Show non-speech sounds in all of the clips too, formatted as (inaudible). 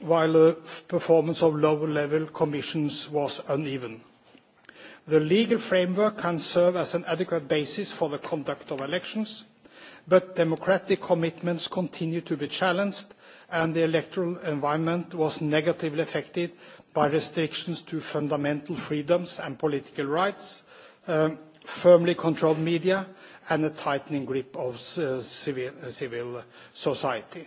while the performance of lower-level commissions was uneven. The legal framework can serve as an adequate basis for the conduct of elections, but democratic commitments continue to be challenged, and the electoral environment was negatively affected by restrictions to fundamental freedoms and political rights, um, firmly controlled media, and a tightening grip of uh, civil, uh, civil society.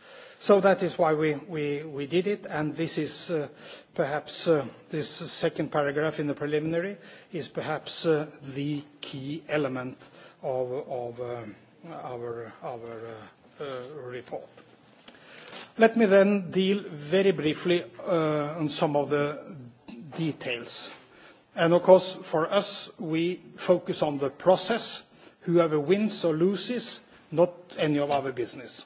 So that is why we, we, we did it, and this is uh, perhaps uh, this second paragraph in the preliminary is perhaps uh, the key element of, of um, our, our uh, uh, report. Let me then deal very briefly on some of the details. And of course, for us, we focus on the process. Whoever wins or loses, not any of our business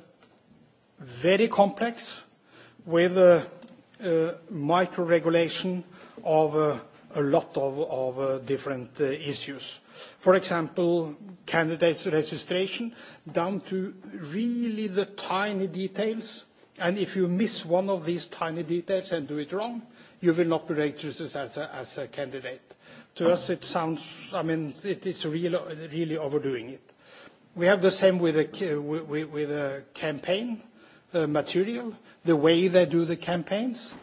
very complex with uh, uh, micro-regulation of uh, a lot of, of uh, different uh, issues. For example, candidates registration down to really the tiny details. And if you miss one of these tiny details and do it wrong, you will not be registered as a, as a candidate. To us, it sounds, I mean, it, it's really, really overdoing it. We have the same with a, with, with a campaign uh, material, the way they do the campaigns.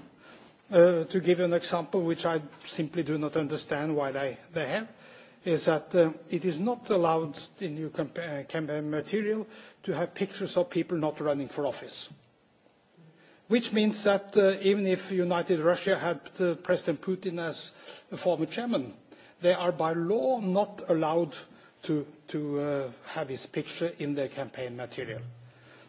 Uh, to give you an example, which I simply do not understand why they, they have, is that uh, it is not allowed in new uh, campaign material to have pictures of people not running for office. Which means that uh, even if United Russia had uh, President Putin as the former chairman, they are by law not allowed to, to uh, have his picture in their campaign material. Mm-hmm.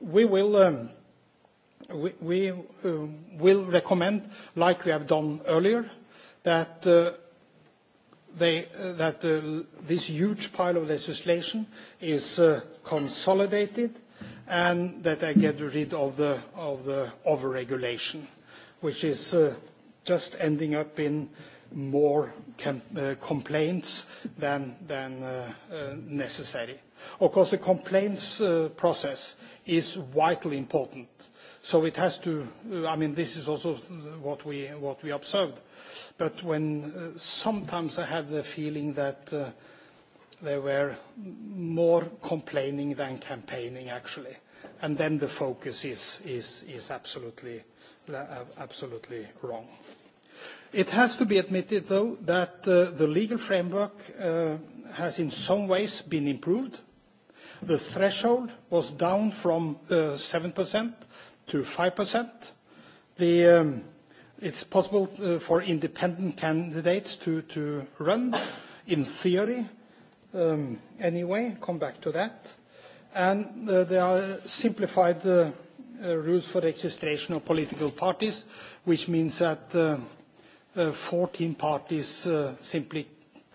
We will, um, we, we, um, will recommend, like we have done earlier, that, uh, they, uh, that uh, this huge pile of legislation is uh, consolidated and that they get rid of the, of the overregulation, which is just ending up in more com complaints than, than necessary. Of course, the complaints uh, process is vitally important. So it has to, uh, I mean, this is also uh, what we, what we observed. But when uh, sometimes I had the feeling that uh, there were more complaining than campaigning, actually. And then the focus is, is, is absolutely, uh, absolutely wrong. It has to be admitted, though, that uh, the legal framework uh, has in some ways been improved, The threshold was down from 7% uh, to 5%. The, um, it's possible uh, for independent candidates to, to run, in theory, um, anyway. Come back to that. And, uh, there are simplified Uh, rules for registration of political parties, which means that uh, uh, 14 parties simply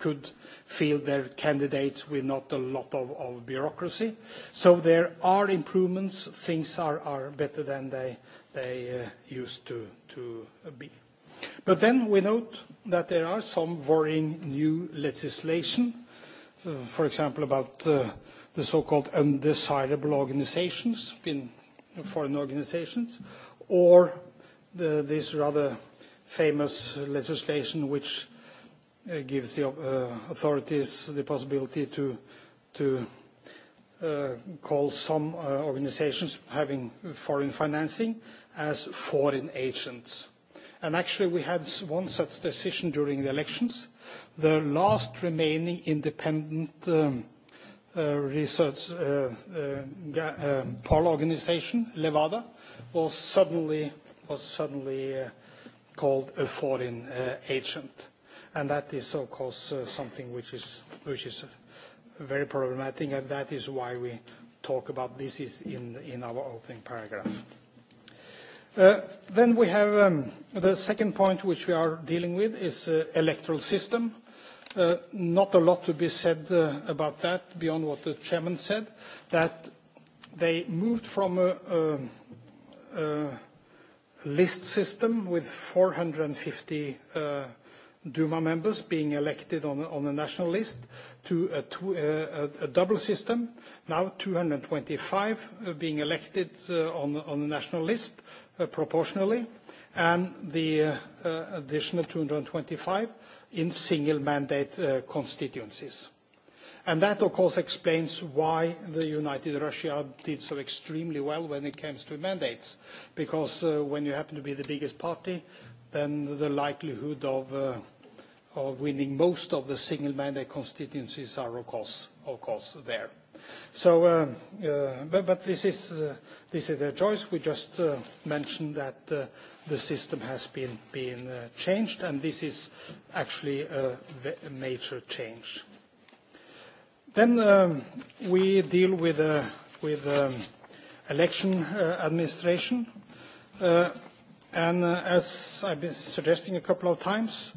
could field their candidates with not a lot of, of bureaucracy. So there are improvements. Things are, are better than they, they uh, used to, to be. But then we note that there are some worrying new legislation, uh, for example, about uh, the so-called undesirable organizations, been foreign organizations, or the, this rather famous legislation which Uh, gives the uh, authorities the possibility to, to Uh, call some uh, organizations having foreign financing as foreign agents. And actually, we had one such decision during the elections. The last remaining independent um, uh, research uh, um, poll organization, Levada, was suddenly, was suddenly called a foreign agent and that is, of course, uh, something which is, which is uh, very problematic, and that is why we talk about this is in, in our opening paragraph. Uh, then we have um, the second point which we are dealing with is uh, electoral system. Uh, not a lot to be said uh, about that beyond what the chairman said, that they moved from a, a, a list system with 450 Duma members being elected on, on a national list to a, to, uh, a, a double system. Now 225 uh, being elected uh, on, on a national list uh, proportionally, and the uh, uh, additional 225 in single mandate constituencies. And that, of course, explains why the United Russia did so extremely well when it comes to mandates, because when you happen to be the biggest party, then the likelihood of of winning most of the single mandate constituencies are, of course, of course there. So, uh, uh, but, but this is, uh, this is their choice. We just uh, mentioned that uh, the system has been, been uh, changed, and this is actually a major change. Then, um, we deal with, with um, election administration. And as I've been suggesting a couple of times,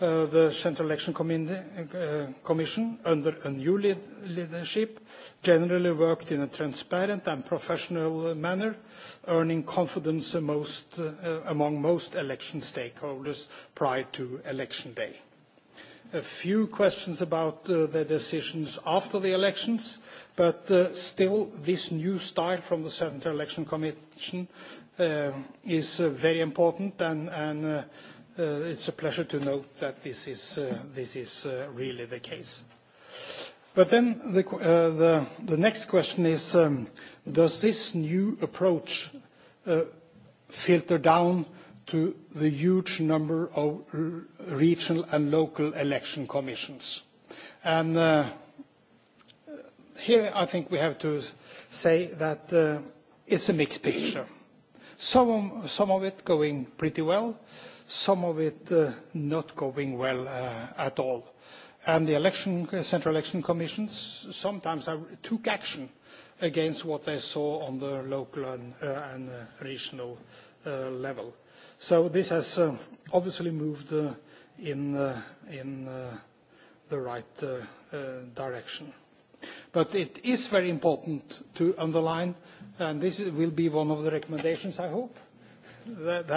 uh, the Central Election Comminde, uh, Commission, under a new lead leadership, generally worked in a transparent and professional manner, earning confidence most, uh, among most election stakeholders prior to election day. A few questions about uh, the decisions after the elections, but uh, still, this new style from the Central Election Commission uh, is uh, very important and, and uh, Uh, it's a pleasure to note that this is, uh, this is uh, really the case. The, the, the next question is, um, does this new approach filter down to the huge number of regional and local election commissions? And, here I think we have to say that uh, it's a mixed picture. Some, some of it going pretty well, some of it uh, not going well uh, at all. And the election, uh, Central Election Commissions sometimes took action against what they saw on the local and, uh, and uh, regional uh, level. So this has uh, obviously moved uh, in, uh, in uh, the right uh, uh, direction. But it is very important to underline, and this will be one of the recommendations, I hope, that,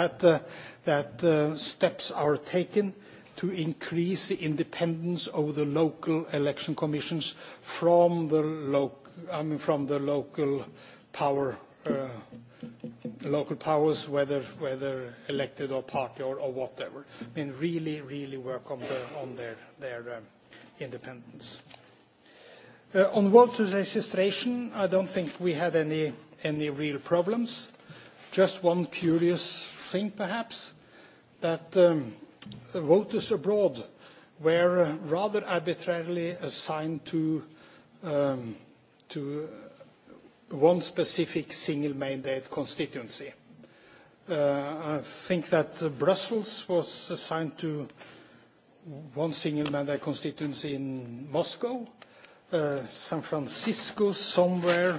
that uh, uh, steps are taken to increase the independence of the local election commissions from the, lo I mean, from the local power uh, local powers, whether whether elected or party or, or whatever. I mean, really, really work on the on their their um, independence. Uh, on voter registration, I don't think we had any any real problems. Just one curious thing, perhaps, that um, voters abroad were uh, rather arbitrarily assigned to, um, to one specific single mandate constituency. Uh, I think that Brussels was assigned to one single mandate constituency in Moscow, uh, San Francisco somewhere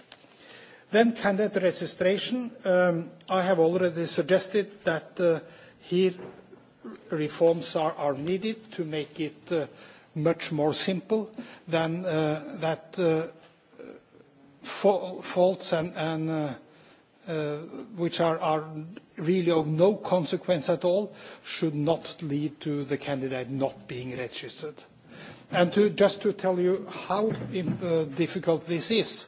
Then candidate registration. Um, I have already suggested that uh, here reforms are, are needed to make it uh, much more simple than uh, that uh, fa faults and, and uh, uh, which are, are really of no consequence at all should not lead to the candidate not being registered. And to, just to tell you how uh, difficult this is,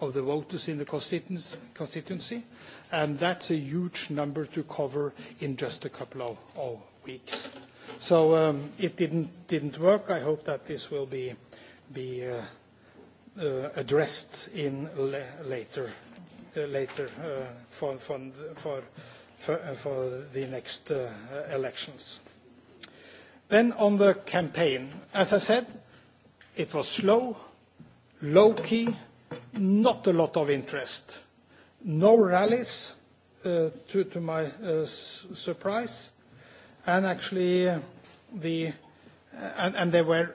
of the voters in the constituency, and that's a huge number to cover in just a couple of, of weeks. So um, it didn't, didn't work. I hope that this will be, be uh, uh, addressed in later, uh, later uh, for, for, for, for uh, the next uh, elections. Then on the campaign, as I said, it was slow, low-key, Not a lot of interest. No rallies, uh, to, to my uh, surprise. And actually, uh, the, uh, and, and they were,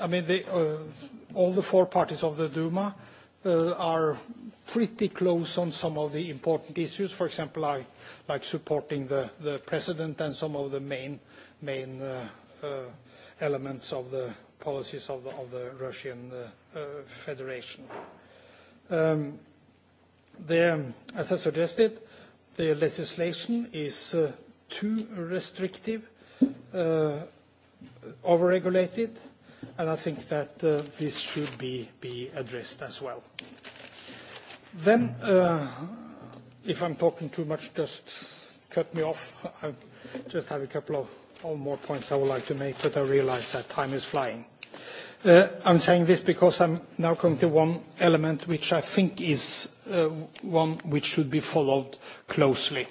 I mean, they, all the four parties of the Duma are pretty close on some of the important issues. For example, like, like supporting the, the president and some of the main, main elements of the policies of the, of the Russian uh, uh, Federation. Um, the, as I suggested, the legislation is uh, too restrictive, uh, overregulated, and I think that uh, this should be, be addressed as well. Then, uh, if I'm talking too much, just cut me off. (laughs) I just have a couple of, of more points I would like to make, but I realize that time is flying. Uh, I'm saying this because I'm now coming to one element which I think is uh, one which should be followed closely,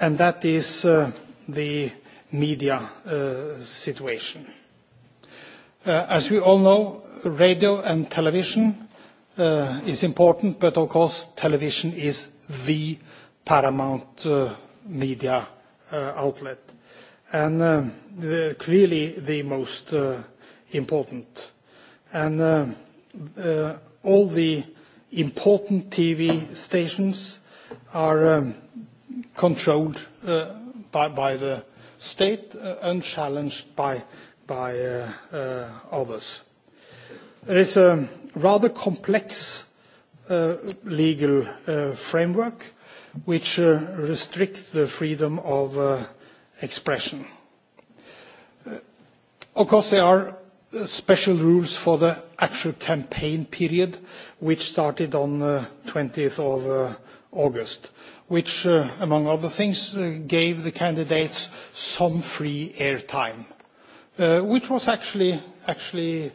and that is uh, the media uh, situation. Uh, as we all know, radio and television uh, is important, but of course, television is the paramount media outlet, and um, the, clearly the most important. And uh, uh, all the important TV stations are um, controlled uh, by, by the state, uh, unchallenged by, by uh, uh, others. There is a rather complex uh, legal uh, framework which uh, restricts the freedom of uh, expression. Uh, of course, there are Uh, special rules for the actual campaign period, which started on uh, 20th of uh, August, which, uh, among other things, uh, gave the candidates some free airtime, uh, which was actually actually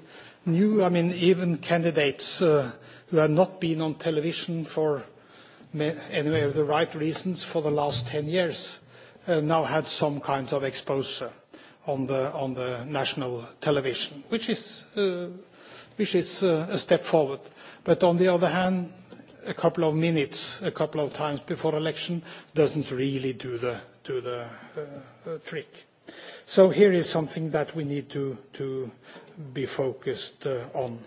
new. I mean, even candidates uh, who had not been on television for any of the right reasons for the last 10 years uh, now had some kind of exposure on the, on the national television, which is, uh, which is uh, a step forward. But on the other hand, a couple of minutes, a couple of times before election doesn't really do the, do the uh, uh trick. So here is something that we need to, to be focused uh, on.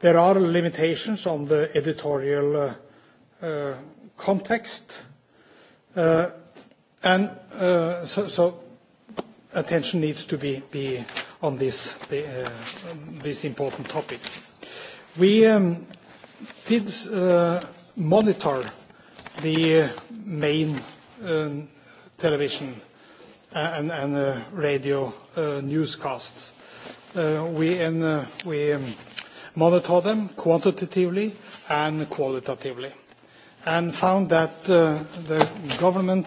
There are limitations on the editorial uh, uh, context. Uh, and uh, so, so attention needs to be, be on this, uh, this important topic. We um, did uh, monitor the main um, television uh, and, and uh, radio uh, newscasts. Uh, we, and, we um, monitor them quantitatively and qualitatively and found that the government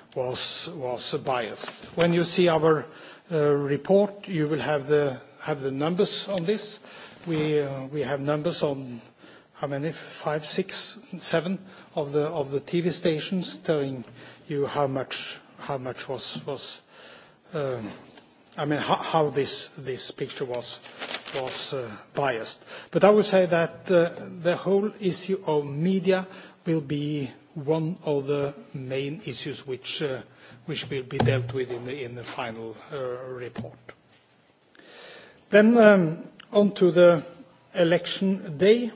was, was biased. When you see our uh, report, you will have the, have the numbers on this. We, uh, we have numbers on how many? Five, six, seven of the, of the TV stations telling you how much, how much was, was um, I mean, how, how this, this picture was, was uh, biased. But I would say that uh, the whole issue of media will be one of the main issues which, uh, which will be dealt with in the, in the final uh, report. Then um, on to the election day,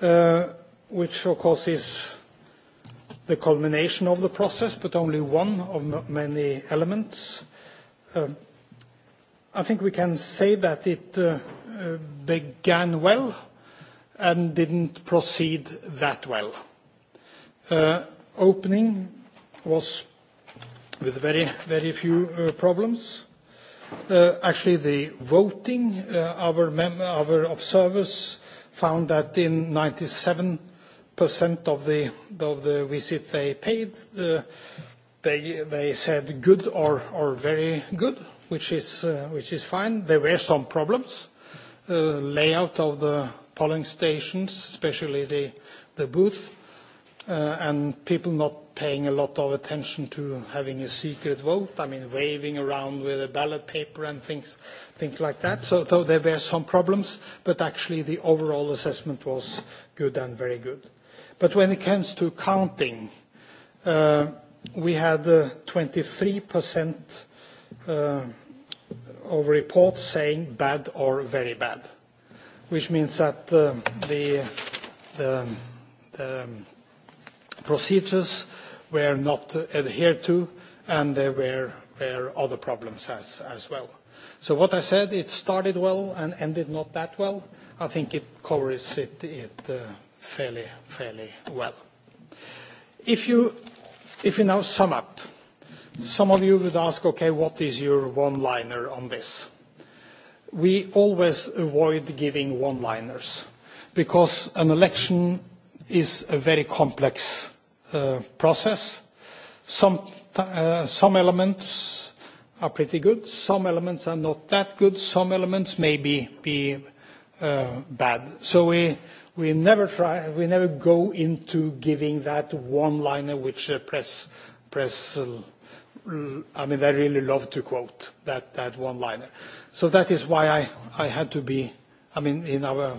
uh, which of course is the culmination of the process, but only one of many elements. Um, I think we can say that it uh, uh, began well and didn't proceed that well uh, opening was with very, very few uh, problems. Uh, actually, the voting, uh, our, mem- our observers found that in 97% of the, of the visits they paid, uh, they, they said good or, or very good, which is, uh, which is fine. There were some problems. Uh, layout of the polling stations, especially the, the booth, uh, and people not paying a lot of attention to having a secret vote. I mean, waving around with a ballot paper and things, things like that. So, so there were some problems, but actually the overall assessment was good and very good. But when it comes to counting, uh, we had uh, 23% uh, of reports saying bad or very bad, which means that uh, the, the, um, the procedures were not adhered to, and there were, were other problems as, as well. So what I said, it started well and ended not that well. I think it covers it, it uh, fairly, fairly well. If you, if you now sum up, some of you would ask, "Okay, what is your one-liner on this?" We always avoid giving one-liners because an election is a very complex uh, process. Some, uh, some elements are pretty good, some elements are not that good, some elements may be, be uh, bad. So we, we never try, we never go into giving that one-liner which uh, press, press uh, I mean, I really love to quote that, that one-liner. So that is why I, I had to be, I mean, in our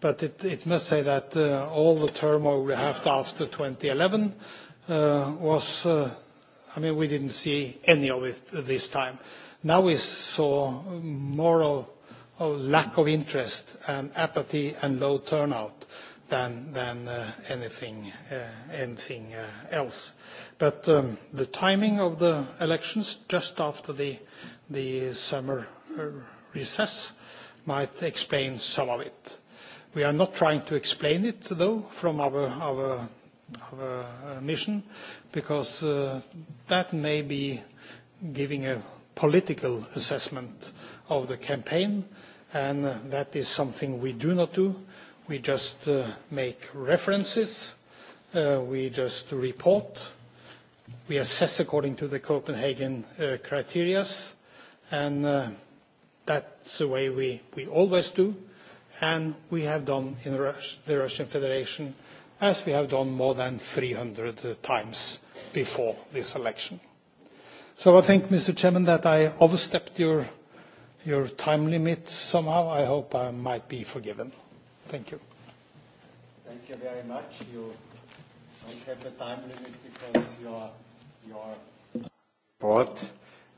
But it, it must say that uh, all the turmoil we had after 2011 uh, was, uh, I mean, we didn't see any of it this time. Now we saw more of, of lack of interest and apathy and low turnout than, than uh, anything, uh, anything uh, else. But um, the timing of the elections just after the, the summer recess might explain some of it. We are not trying to explain it, though, from our, our, our uh, mission, because uh, that may be giving a political assessment of the campaign, and that is something we do not do. We just uh, make references, uh, we just report, we assess according to the Copenhagen uh, criteria, and uh, that's the way we, we always do and we have done in Rus the Russian Federation as we have done more than 300 uh, times before this election. So I think, Mr. Chairman, that I overstepped your, your time limit somehow. I hope I might be forgiven. Thank you. Thank you very much. You don't have a time limit because your, your report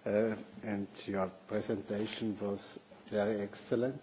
uh, and your presentation was very excellent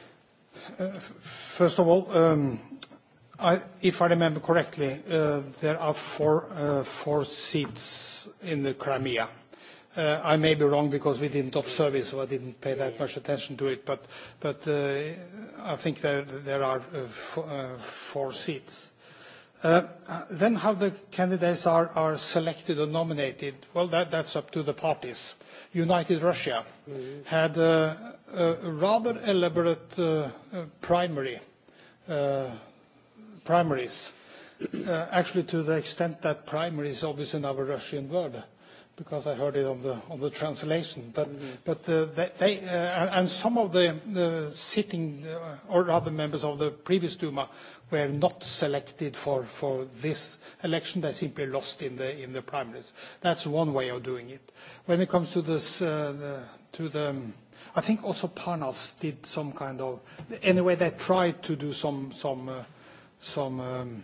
First of all, um, I, if I remember correctly, uh, there are four, uh, four seats in the Crimea. Uh, I may be wrong because we didn't observe it, so I didn't pay that much attention to it. But, but uh, I think there, there are uh, uh, four seats. Then how the candidates are, are selected or nominated, well, that, that's up to the parties. United Russia had a, uh, a rather elaborate uh, primary uh, primaries, uh, actually to the extent that primary is obviously now a Russian word because I heard it on the on the translation. But mm-hmm. but uh, they uh, and some of the uh, sitting uh, or other members of the previous Duma were not selected for, for this election. They simply lost in the, in the primaries. That's one way of doing it. When it comes to this, uh, the, to the, um, I think also Parnas did some kind of, anyway, they tried to do some, some, uh, some um,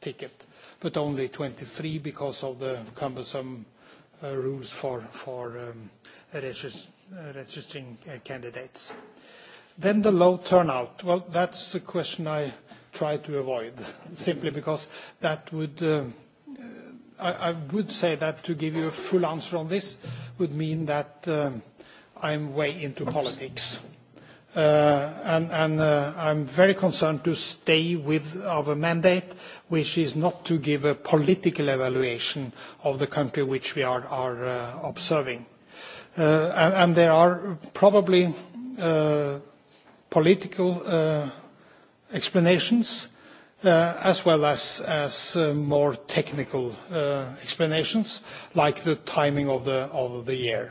ticket, but only 23 because of the cumbersome uh, rules for, for um, regis uh, registering uh, candidates. Then the low turnout. Well, that's a question I try to avoid (laughs) simply because that would, um, uh, I, I would say that to give you a full answer on this would mean that um, I'm way into politics. Uh, and, and, uh, I'm very concerned to stay with our mandate, which is not to give a political evaluation of the country which we are, are uh, observing. And, there are probably political explanations Uh, as well as, as uh, more technical uh, explanations, like the timing of the, of the year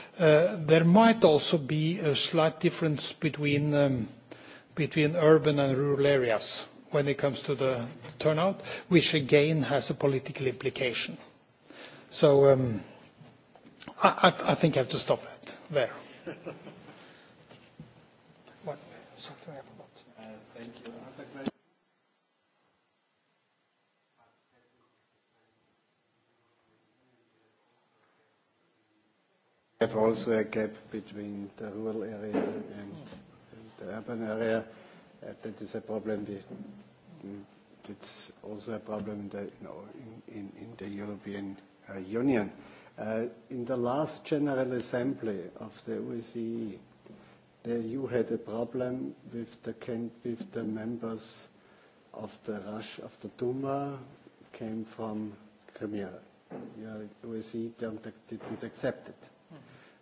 Uh, there might also be a slight difference between, um, between urban and rural areas when it comes to the turnout, which again has a political implication. So um, I, I, I think I have to stop that there. (laughs) What? Something happened. have also a gap between the rural area and, and the urban area. Uh, that is a problem. It's also a problem in the, you know, in, in, in the European uh, Union. Uh, in the last General Assembly of the OSCE, e the EU had a problem with the, can, with the members of the Rush of the Duma came from Crimea. Yeah, OSCE e didn't, didn't accept it.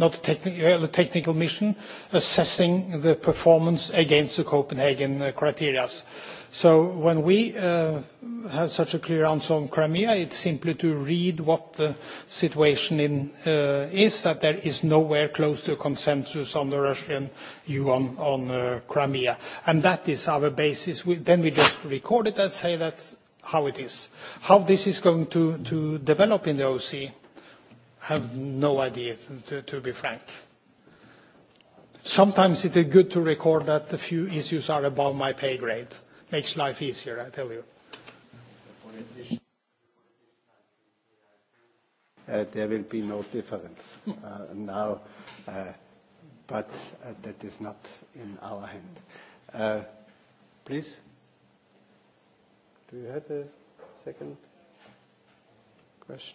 not a techni technical mission, assessing the performance against the Copenhagen uh, criteria. So when we uh, have such a clear answer on Crimea, it's simply to read what the situation in, uh, is, that there is nowhere close to consensus on the Russian view on, on uh, Crimea. And that is our basis. We, then we just record it and say that's how it is. How this is going to, to develop in the OC, I have no idea, to, to be frank. Sometimes it is good to record that a few issues are above my pay grade. Makes life easier, I tell you. Uh, there will be no difference uh, now, uh, but uh, that is not in our hand. Uh, please. Do you have a second question?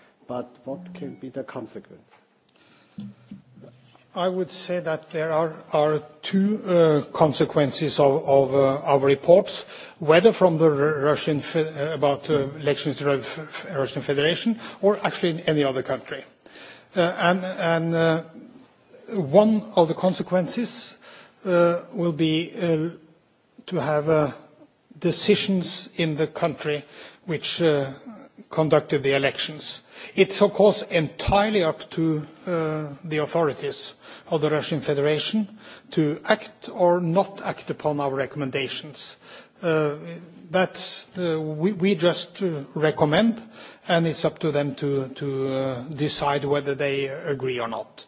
but what can be the consequence? I would say that there are, are two uh, consequences of, of uh, our reports, whether from the Russian uh, about uh, elections in the Russian Federation or actually in any other country. Uh, and, and uh, one of the consequences will be to have decisions in the country which conducted the elections. It's of course entirely up to uh, the authorities of the Russian Federation to act or not act upon our recommendations. Uh, that's the, we, we just recommend, and it's up to them to, to uh, decide whether they agree or not.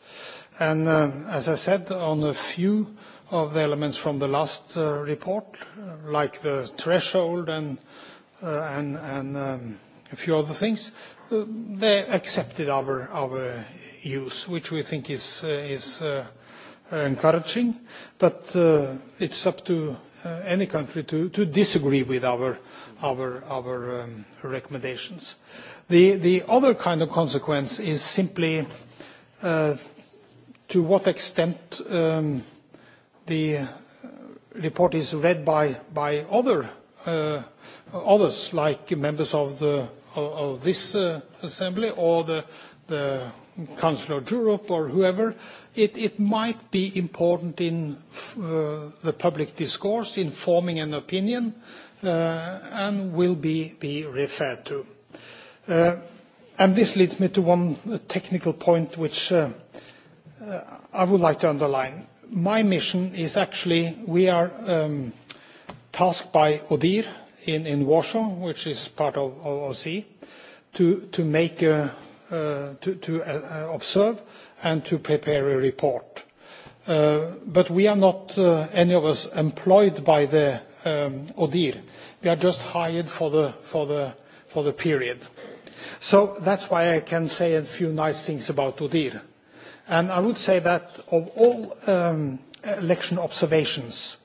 And uh, as I said, on a few of the elements from the last uh, report, like the threshold and, uh, and, and um, a few other things, uh, they accepted our, our use, which we think is, uh, is uh, encouraging. But uh, it's up to uh, any country to, to disagree with our, our, our um, recommendations. The, the other kind of consequence is simply uh, to what extent um, the report is read by, by other, others, like members of the of, of this uh, assembly or the, the Council of Europe or whoever, it, it might be important in uh, the public discourse, in forming an opinion, uh, and will be, be referred to. Uh, and this leads me to one technical point which uh, uh, I would like to underline. My mission is actually, we are um, tasked by ODIHR, in, in Warsaw, which is part of OOC, to, to, make a, uh, to, to uh, uh, observe and to prepare a report. Uh, but we are not, uh, any of us, employed by the um, ODIHR. We are just hired for the, for the, for the period. So that's why I can say a few nice things about ODIHR. And I would say that of all um, election observations,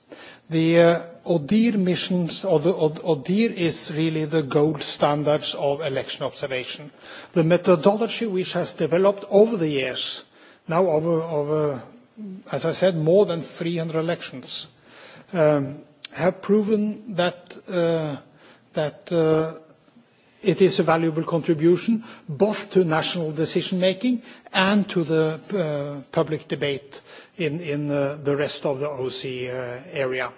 the uh, ODIHR missions, or the ODIHR is really the gold standards of election observation. The methodology which has developed over the years, now over, over as I said, more than 300 elections, um, have proven that, uh, that uh, it is a valuable contribution both to national decision-making and to the uh, public debate in, in uh, the rest of the OC uh, area.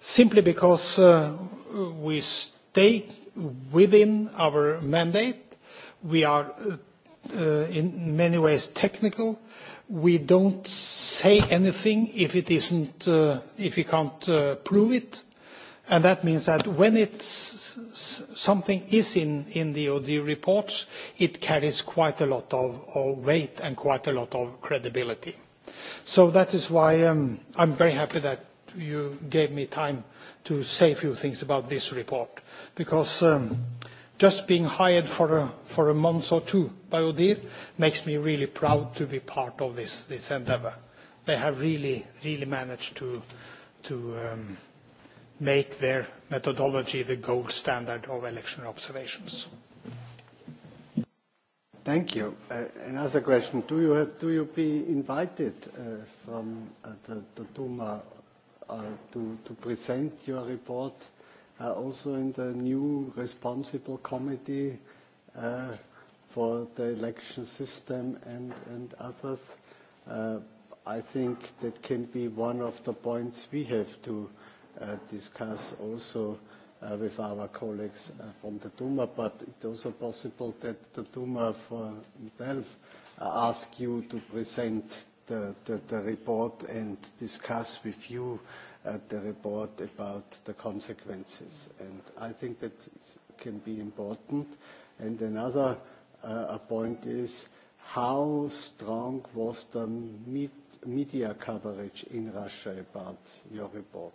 Simply because uh, we stay within our mandate, we are uh, uh, in many ways technical. We don't say anything if it isn't if we can't prove it And that means that when something is in, in the OD reports, it carries quite a lot of, of weight and quite a lot of credibility. So that is why um, I'm very happy that you gave me time to say a few things about this report, because um, just being hired for a, for a month or two by ODIHR makes me really proud to be part of this, this endeavor. They have really, really managed to, to um, make their methodology the gold standard of election observations. Thank you. Uh, another question. Do you, have, do you be invited uh, from uh, the, the Duma uh, to, to present your report uh, also in the new responsible committee uh, for the election system and, and others? Uh, I think that can be one of the points we have to uh, uh, discuss also uh, with our colleagues uh, from the Duma, but it's also possible that the Duma for himself uh, ask you to present the, the, the report and discuss with you uh, the report about the consequences. And I think that can be important. And another uh, point is how strong was the media coverage in Russia about your report?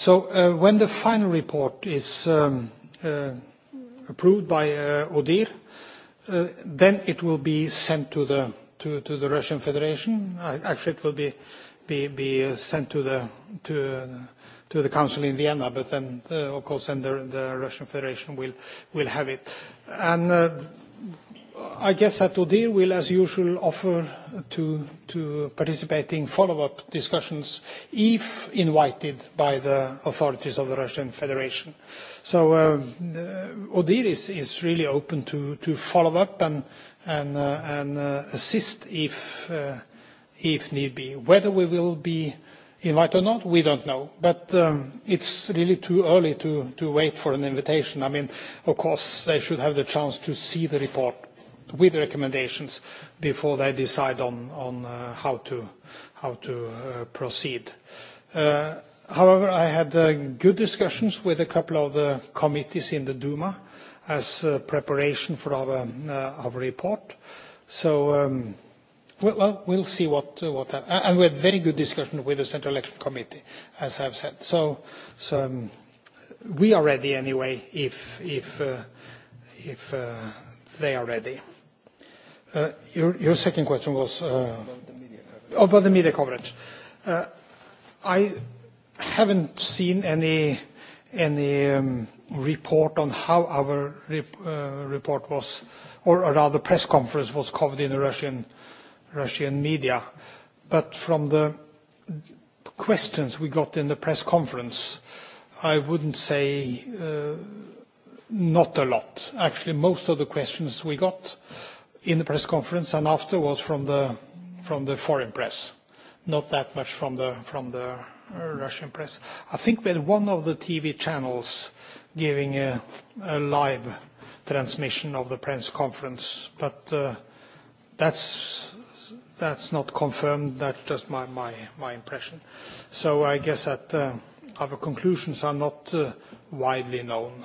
So, uh, when the final report is um, uh, approved by uh, ODIHR, uh, then it will be sent to the, to, to the Russian Federation. Actually, it will be, be, be uh, sent to the, to the council in Vienna, but then, uh, of course, then the Russian Federation will, will have it. And, I guess that Odir will, as usual, offer to, to participate in follow-up discussions if invited by the authorities of the Russian Federation. So uh, Odir is, is really open to, to follow up and, and, uh, and uh, assist if, uh, if need be. Whether we will be invite or not, we don't know. But um, it's really too early to, to wait for an invitation. I mean, of course, they should have the chance to see the report with recommendations before they decide on, on uh, how to, how to uh, proceed. Uh, however, I had uh, good discussions with a couple of the committees in the Duma as uh, preparation for our, uh, our report. So, um, well, well, we'll see what, uh, what happens. And we had very good discussion with the Central Election Committee, as I've said. So, so um, we are ready anyway if, if, uh, if uh, they are ready. Uh, your, your second question was uh, about the media coverage. Uh, I haven't seen any, any um, report on how our rep, uh, report was, or, or rather press conference was covered in the Russian, Russian media. But from the questions we got in the press conference, I wouldn't say uh, not a lot. Actually, most of the questions we got in the press conference and after was from the, from the foreign press, not that much from the, from the uh, Russian press. I think we had one of the TV channels giving a, a live transmission of the press conference, but uh, that's that's not confirmed. That's just my my my impression. So I guess that uh, our conclusions are not uh, widely known.